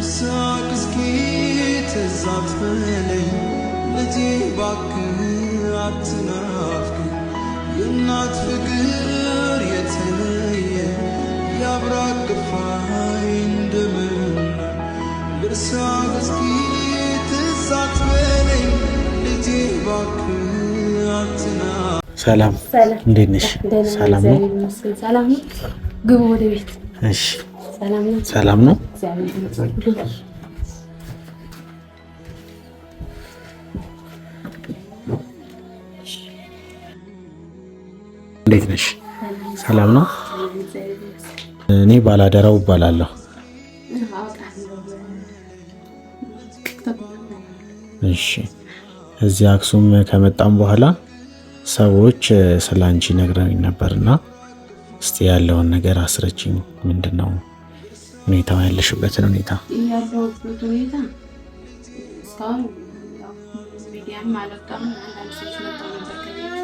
وساقسكي تزعب ثماني التي باك عتنافك ينعت فقر يتنية يا براك فاين دمن لرساقسكي تزعب ثماني التي باك عتنافك ሰላም፣ እንዴት ነሽ? ሰላም ነው። ሰላም ነው። ግቡ ወደ ቤት። እሺ ሰላም ነው። እንዴት ነሽ? ሰላም ነው። እኔ ባላደራው እባላለሁ። እሺ፣ እዚህ አክሱም ከመጣም በኋላ ሰዎች ስለ አንቺ ነግረኝ ነበርና እስቲ ያለውን ነገር አስረችኝ። ምንድን ነው ሁኔታው ያለሽበትን ሁኔታ ያለሁበት ሁኔታ እስካሁን ሚዲያም አልወጣም። አንዳንድ መጣ ነበር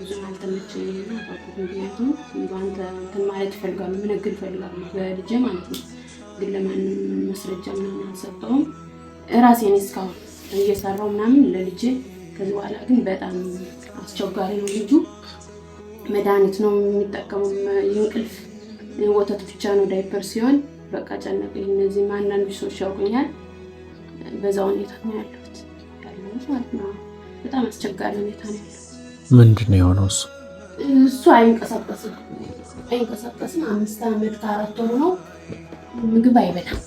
ብዙም አልተመቸኝም። ምክንያቱም በአንተ እንትን ማለት ይፈልጋሉ፣ ምንግድ ይፈልጋሉ፣ በልጄ ማለት ነው። ግን ለማንም መስረጃ ምናምን አልሰጠውም። እራሴን እስካሁን እየሰራው ምናምን ለልጄ። ከዚህ በኋላ ግን በጣም አስቸጋሪ ነው። ልጁ መድኃኒት ነው የሚጠቀመው የእንቅልፍ ወተት ብቻ ነው ዳይፐር ሲሆን በቃ ጨነቀኝ። እነዚህ አንዳንድ ሰዎች ያውቁኛል። በዛ ሁኔታ ነው ያለሁት ማለት ነው። በጣም አስቸጋሪ ሁኔታ ነው ያለሁት። ምንድን ነው የሆነው? እሱ እሱ አይንቀሳቀስም አይንቀሳቀስም። አምስት ዓመት ከአራት ወር ነው። ምግብ አይበላም።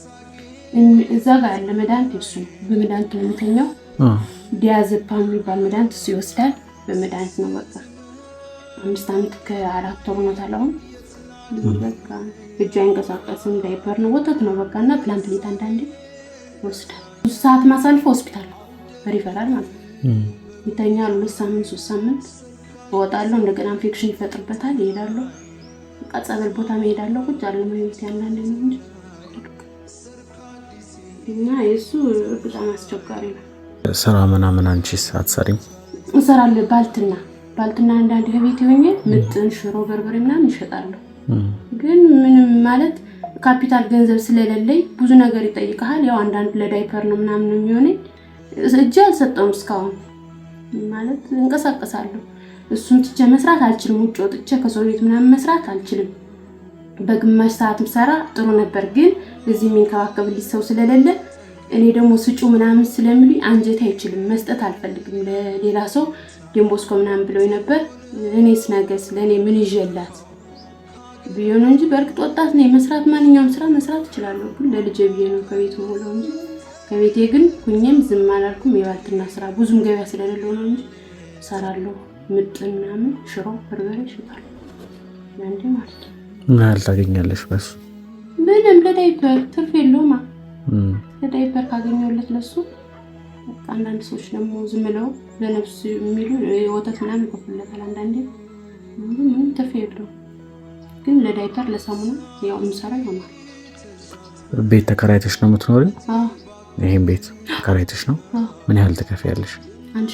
እዛ ጋር ያለ መድኃኒት እሱ ነው በመድኃኒት ነው የሚባል መድኃኒት እሱ ይወስዳል። በመድኃኒት ነው በቃ አምስት ዓመት ከአራት ወር ነው ታለሁም በቃ እጁ አይንቀሳቀስም፣ ዳይፐር ነው ወተት ነው በቃ እና ፕላንት ሌት አንዳንዴ ወስዳል። ብዙ ሰዓት ማሳልፈ ሆስፒታል ሪፈራል ማለት ነው ይተኛል። ሁለት ሳምንት ሶስት ሳምንት እወጣለሁ፣ እንደገና ኢንፌክሽን ይፈጥርበታል፣ ይሄዳለሁ፣ በቃ ጸበል ቦታ መሄዳለሁ። ቁጭ አለ ማየት ያንዳንድ ነው እንጂ እና የእሱ በጣም አስቸጋሪ ነው። ስራ ምናምን አንቺስ አትሰሪም? እሰራለሁ ባልትና ባልትና አንዳንድ ከቤት የሆኜ ምጥን፣ ሽሮ፣ በርበሬ ምናምን ይሸጣለሁ። ግን ምንም ማለት ካፒታል ገንዘብ ስለሌለኝ ብዙ ነገር ይጠይቀሃል። ያው አንዳንድ ለዳይፐር ነው ምናምን የሚሆነኝ እጅ አልሰጠውም እስካሁን ማለት እንቀሳቀሳለሁ። እሱን ትቼ መስራት አልችልም። ውጭ ወጥቼ ከሰው ቤት ምናምን መስራት አልችልም። በግማሽ ሰዓት ምሰራ ጥሩ ነበር፣ ግን እዚህ የሚንከባከብልኝ ሰው ስለሌለ እኔ ደግሞ ስጩ ምናምን ስለሚሉኝ አንጀት አይችልም መስጠት አልፈልግም። ለሌላ ሰው ደንቦስኮ ምናምን ብለው ነበር። እኔስ ነገስ ለእኔ ምን ይዤላት ቢሆን እንጂ በእርግጥ ወጣት ነው መስራት ማንኛውም ስራ መስራት እችላለሁ። ግን ለልጄ ብዬ ነው ከቤት መሆነው እንጂ ከቤቴ ግን ሁኜም ዝም አላልኩም። የባልትና ስራ ብዙም ገበያ ስለሌለው ነው እንጂ እሰራለሁ። ምጥን ምናምን ሽሮ በርበሬ ይሽጣል። ያንዴ ማለት ነው ምናል ታገኛለሽ? በሱ ምንም ለዳይፐር ትርፍ የለውማ። ለዳይፐር ካገኘሁለት ለሱ አንዳንድ ሰዎች ደግሞ ዝም ብለው ለነፍስ የሚሉ ወተት ምናምን ይቆፍለታል። አንዳንዴ ምንም ትርፍ የለውም። ግን ለዳይፐር ለሳሙና ያው የምሰራ ይሆናል። ቤት ተከራይተሽ ነው የምትኖሪው? ይህም ቤት ተከራይተሽ ነው? ምን ያህል ትከፍያለሽ? አንድ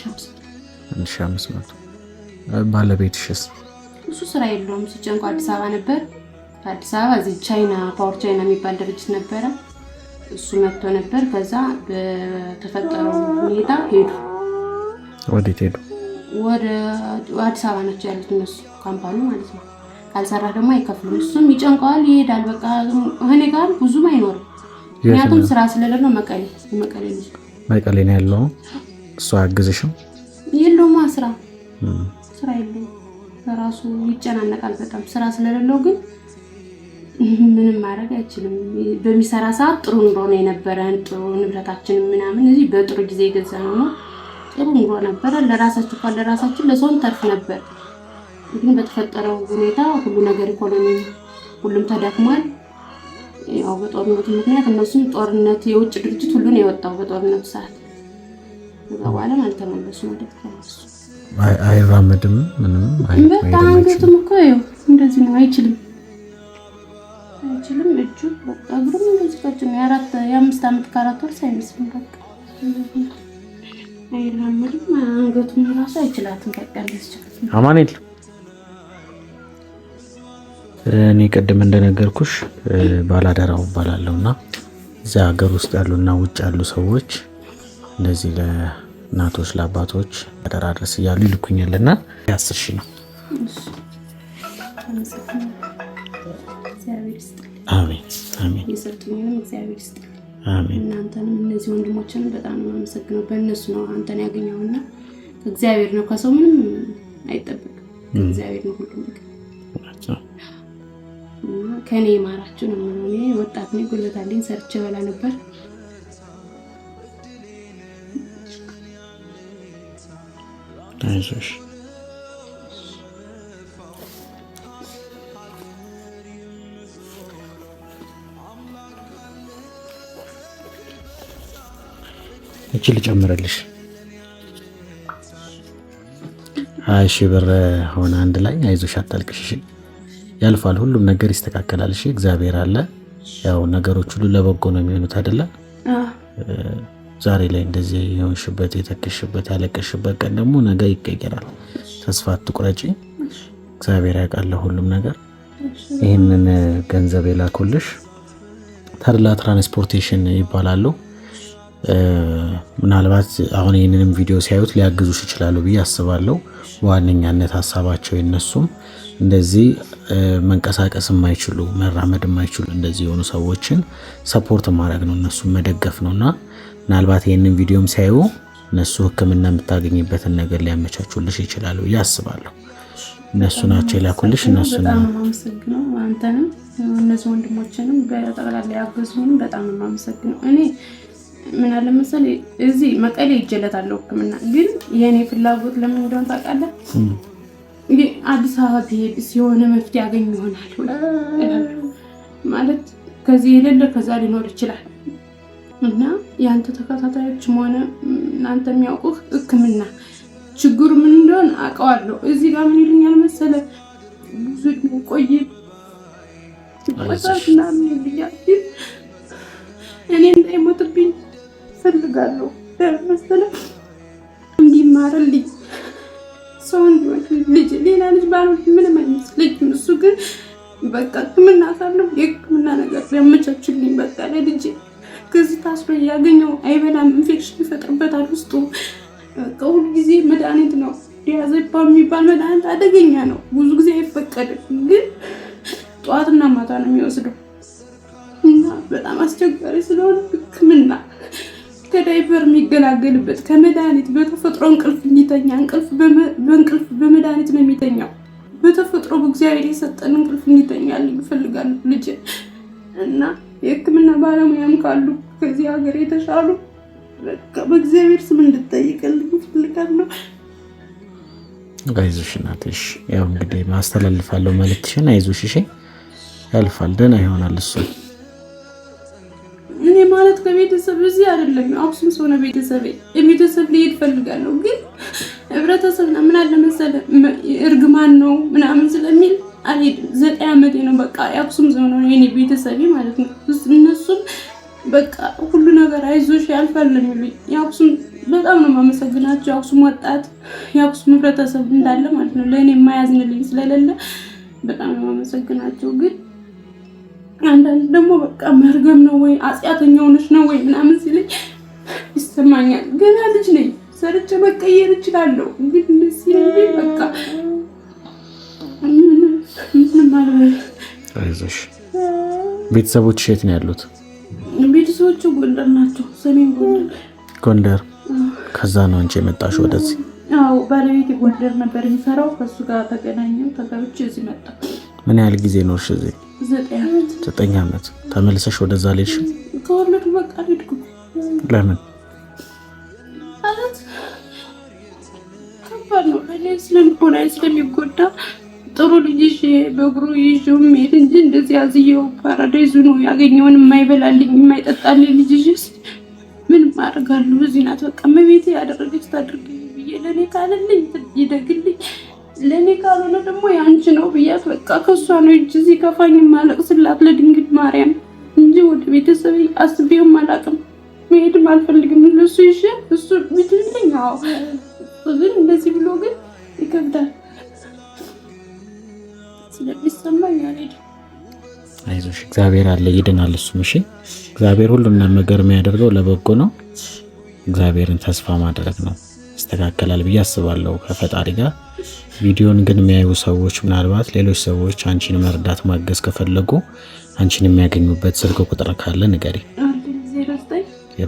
ሺህ አምስት መቶ ባለቤትሽስ? እሱ ስራ የለውም ሲጨንቁ አዲስ አበባ ነበር። አዲስ አበባ እዚህ ቻይና ፓወር ቻይና የሚባል ድርጅት ነበረ። እሱ መጥቶ ነበር። ከዛ በተፈጠረው ሁኔታ ሄዱ። ወዴት ሄዱ? ወደ አዲስ አበባ ናቸው ያሉት እነሱ ካምፓኒ ማለት ነው። ካልሰራ ደግሞ አይከፍሉም። እሱም ይጨንቀዋል፣ ይሄዳል። በቃ እኔ ጋር ብዙም አይኖርም፣ ምክንያቱም ስራ ስለሌለው መቀሌ መቀሌ መቀሌ ነው ያለው። እሱ አያግዝሽም? የለውማ ስራ ስራ የለውም። በራሱ ይጨናነቃል በጣም ስራ ስለሌለው ግን ምንም ማድረግ አይችልም። በሚሰራ ሰዓት ጥሩ ኑሮ ነው የነበረን፣ ጥሩ ንብረታችን ምናምን እዚህ በጥሩ ጊዜ የገዛ ነው ጥሩ ኑሮ ነበረ። ለራሳችን እንኳን ለራሳችን ለሰውን ተርፍ ነበር። ግን በተፈጠረው ሁኔታ ሁሉ ነገር ኢኮኖሚ ሁሉም ተዳክሟል። ያው በጦርነቱ ምክንያት እነሱም ጦርነት የውጭ ድርጅት ሁሉን የወጣው በጦርነቱ ሰዓት እዛ በኋላም አልተመለሱም። ወደ ተመለሱ አይራመድም። ምንም በጣም አንገቱም እኮ ያው እንደዚህ ነው። አይችልም አይችልም። እጁ በቃ እግሩም እንደዚህ ቀጭን የአራት የአምስት ዓመት ከአራት ወርስ አይመስልም። በቃ አይራመድም። አንገቱም ራሱ አይችላትም። በቃ አማን የለም እኔ ቅድም እንደነገርኩሽ ባላደራው እባላለሁ እና እዚያ ሀገር ውስጥ ያሉ ያሉና ውጭ ያሉ ሰዎች እነዚህ ለእናቶች ለአባቶች አደራ ድረስ እያሉ ይልኩኛል እና አስር ሺህ ነው። አሜን እናንተንም እነዚህ ወንድሞችን በጣም አመሰግነው። በእነሱ ነው አንተን ያገኘውና እግዚአብሔር ነው፣ ከሰው ምንም አይጠበቅም። እግዚአብሔር ነው ሁሉ ነገር ከኔ የማራችሁ ነው። እኔ ወጣት ነኝ፣ ጉልበት አለኝ፣ ሰርቼ በላ ነበር። አይዞሽ እቺ ልጨምረልሽ። እሺ ብር ሆነ አንድ ላይ አይዞሽ፣ አታልቅሽ። ያልፋል፣ ሁሉም ነገር ይስተካከላል። እሺ እግዚአብሔር አለ። ያው ነገሮች ሁሉ ለበጎ ነው የሚሆኑት አይደለ? ዛሬ ላይ እንደዚህ የሆንሽበት የተክሽበት ያለቀሽበት ቀን ደግሞ ነገ ይቀየራል። ተስፋ አትቁረጪ። እግዚአብሔር ያውቃል ሁሉም ነገር። ይህንን ገንዘብ የላኩልሽ ተድላ ትራንስፖርቴሽን ይባላሉ። ምናልባት አሁን ይህንንም ቪዲዮ ሲያዩት ሊያግዙሽ ይችላሉ ብዬ አስባለሁ። በዋነኛነት ሀሳባቸው የነሱም እንደዚህ መንቀሳቀስ የማይችሉ መራመድ የማይችሉ እንደዚህ የሆኑ ሰዎችን ሰፖርት ማድረግ ነው፣ እነሱን መደገፍ ነው እና ምናልባት ይህንን ቪዲዮም ሲያዩ እነሱ ሕክምና የምታገኝበትን ነገር ሊያመቻቹልሽ ይችላሉ ብዬ አስባለሁ። እነሱ ናቸው የላኩልሽ። እነሱ ማመሰግነው አንተንም እነዚህ ወንድሞችንም በጠቅላላ ያገዙንም በጣም ማመሰግነው። እኔ ምን አለ መሰለኝ እዚህ መቀሌ ይጀለታለሁ ሕክምና ግን የእኔ ፍላጎት ለምን እንደሆነ ታውቃለህ አዲስ አበባ ብሄድስ የሆነ መፍትሄ ያገኝ ይሆናል ማለት ከዚህ የሌለ ከዛ ሊኖር ይችላል። እና የአንተ ተከታታዮችም ሆነ እናንተ የሚያውቁህ ህክምና ችግሩ ምን እንደሆን አውቀዋለሁ። እዚህ ጋር ምን ይሉኛል መሰለ ብዙ ቆይ እኔ እንዳይሞትብኝ ፈልጋለሁ መሰለ እንዲማረልኝ ሰው እንዲሆን ልጅ ሌላ ልጅ ባልሆን ምንም አይነት ልጅ እሱ ግን በቃ ሕክምና ሳለው የሕክምና ነገር ያመቻችልኝ። በቃ ለልጅ ከዚህ ታስሮ ያገኘው አይበላም፣ ኢንፌክሽን ይፈጥርበታል ውስጡ። ከሁሉ ጊዜ መድኃኒት ነው ዲያዜፓ የሚባል መድኃኒት አደገኛ ነው፣ ብዙ ጊዜ አይፈቀድም፣ ግን ጠዋትና ማታ ነው የሚወስደው እና በጣም አስቸጋሪ ስለሆነ ሕክምና ከዳይቨር የሚገላገልበት ከመድኃኒት በተፈጥሮ እንቅልፍ እንዲተኛ እንቅልፍ በእንቅልፍ በመድኃኒት ነው የሚተኛው። በተፈጥሮ በእግዚአብሔር የሰጠን እንቅልፍ እንዲተኛል ይፈልጋል ልጅ እና የሕክምና ባለሙያም ካሉ ከዚህ ሀገር የተሻሉ በእግዚአብሔር ስም እንድጠይቅልኝ እፈልጋለሁ። አይዞሽ እናትሽ፣ ያው እንግዲህ ማስተላልፋለሁ መልዕክትሽን። አይዞሽ፣ እሺ፣ ያልፋል፣ ደህና ይሆናል እሱ በቤተሰብ እዚህ አይደለም አክሱም ሰሆነ ቤተሰብ የቤተሰብ ልሄድ ፈልጋለሁ፣ ግን ህብረተሰብ ምን አለ መሰለ እርግማን ነው ምናምን ስለሚል አልሄድም። ዘጠኝ ዓመቴ ነው በቃ የአክሱም ሰሆነ የኔ ቤተሰቤ ማለት ነው። እነሱም በቃ ሁሉ ነገር አይዞሽ ያልፋል የሚሉኝ የአክሱም በጣም ነው የማመሰግናቸው። የአክሱም ወጣት የአክሱም ህብረተሰብ እንዳለ ማለት ነው ለእኔ የማያዝንልኝ ስለሌለ በጣም ነው የማመሰግናቸው ግን አንዳንድ ደግሞ በቃ መርገም ነው ወይ አጽያተኛ ሆነች ነው ወይ ምናምን ሲለኝ ይሰማኛል። ገና ልጅ ነኝ፣ ሰርቼ መቀየር እችላለሁ። ግን በቃ አይዞሽ። ቤተሰቦች የት ነው ያሉት? ቤተሰቦቹ ጎንደር ናቸው፣ ሰሜን ጎንደር። ጎንደር ከዛ ነው አንቺ የመጣሽው ወደዚህ? አዎ፣ ባለቤት ጎንደር ነበር የሚሰራው። ከሱ ጋር ተገናኘው፣ ተጋብቼ እዚህ መጣሁ። ምን ያህል ጊዜ ኖርሽ እዚህ? ዘጠኝ ዓመት። ተመልሰሽ ወደዛ ልጅሽ ከወለዱ በቃ ልድኩ። ለምን ስለልቦና ስለሚጎዳ ጥሩ ልጅሽ በእግሩ ይዤው መሄድ እንጂ እንደዚህ አዝየው ፓራዳይዙ ነው ያገኘውን የማይበላልኝ የማይጠጣልኝ ልጅሽስ ምን ማድረጋለሁ? እዚህ ናት በቃ መቤቴ ያደረገች ታድርግ ብዬ ለእኔ ካለልኝ ይደግልኝ ለእኔ ካልሆነ ደግሞ የአንቺ ነው ብያት፣ በቃ ከእሷ ነው እጅ ሲከፋኝ ማለቅስላት ለድንግል ማርያም እንጂ ወደ ቤተሰብ አስቤውም አላውቅም። መሄድም አልፈልግም። እሱ ይሽ እሱ ብትልኝ አዎ፣ ግን እንደዚህ ብሎ ግን ይከብዳል ስለሚሰማኝ አልሄድም። አይዞሽ፣ እግዚአብሔር አለ፣ ይድናል እሱም። እሺ፣ እግዚአብሔር ሁሉም ነገር የሚያደርገው ለበጎ ነው። እግዚአብሔርን ተስፋ ማድረግ ነው። ይስተካከላል ብዬ አስባለሁ ከፈጣሪ ጋር ቪዲዮን ግን የሚያዩ ሰዎች ምናልባት ሌሎች ሰዎች አንቺን መርዳት ማገዝ ከፈለጉ አንቺን የሚያገኙበት ስልክ ቁጥር ካለ ንገሪ። 82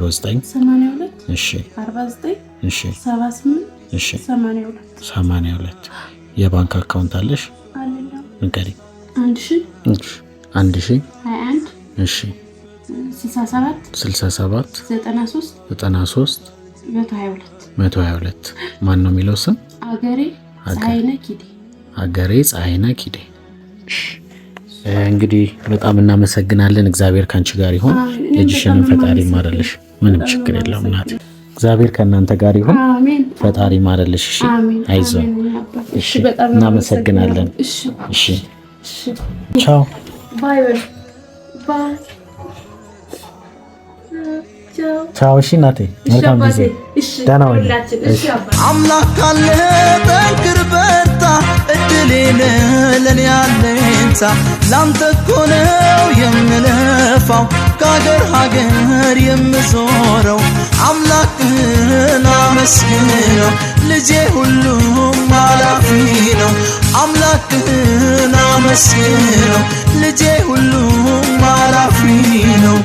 የባንክ አካውንት አለሽ? ንገሪ። 67 93 122 ማን ነው የሚለው ስም አገሬ አገሬ ፀሐይነ ኪዴ። እንግዲህ በጣም እናመሰግናለን። እግዚአብሔር ከአንቺ ጋር ይሁን። ልጅሽንም ፈጣሪ ይማረልሽ። ምንም ችግር የለውም እናት። እግዚአብሔር ከእናንተ ጋር ይሁን። ፈጣሪ ይማረልሽ። እሺ፣ አይዞን። እሺ፣ እናመሰግናለን። እሺ፣ ቻው። ቻው። እሺ እናቴ፣ መልካም ጊዜ። ደህና ወይ። አምላክ ካለ ጠንክር፣ በርታ። እድሌን ለኔ ያለኝታ ላንተ እኮ ነው የምለፋው፣ ከሀገር ሀገር የምዞረው አምላክህን አመስግነው ልጄ፣ ሁሉም አላፊ ነው። አምላክህን አመስግነው ልጄ፣ ሁሉም አላፊ ነው።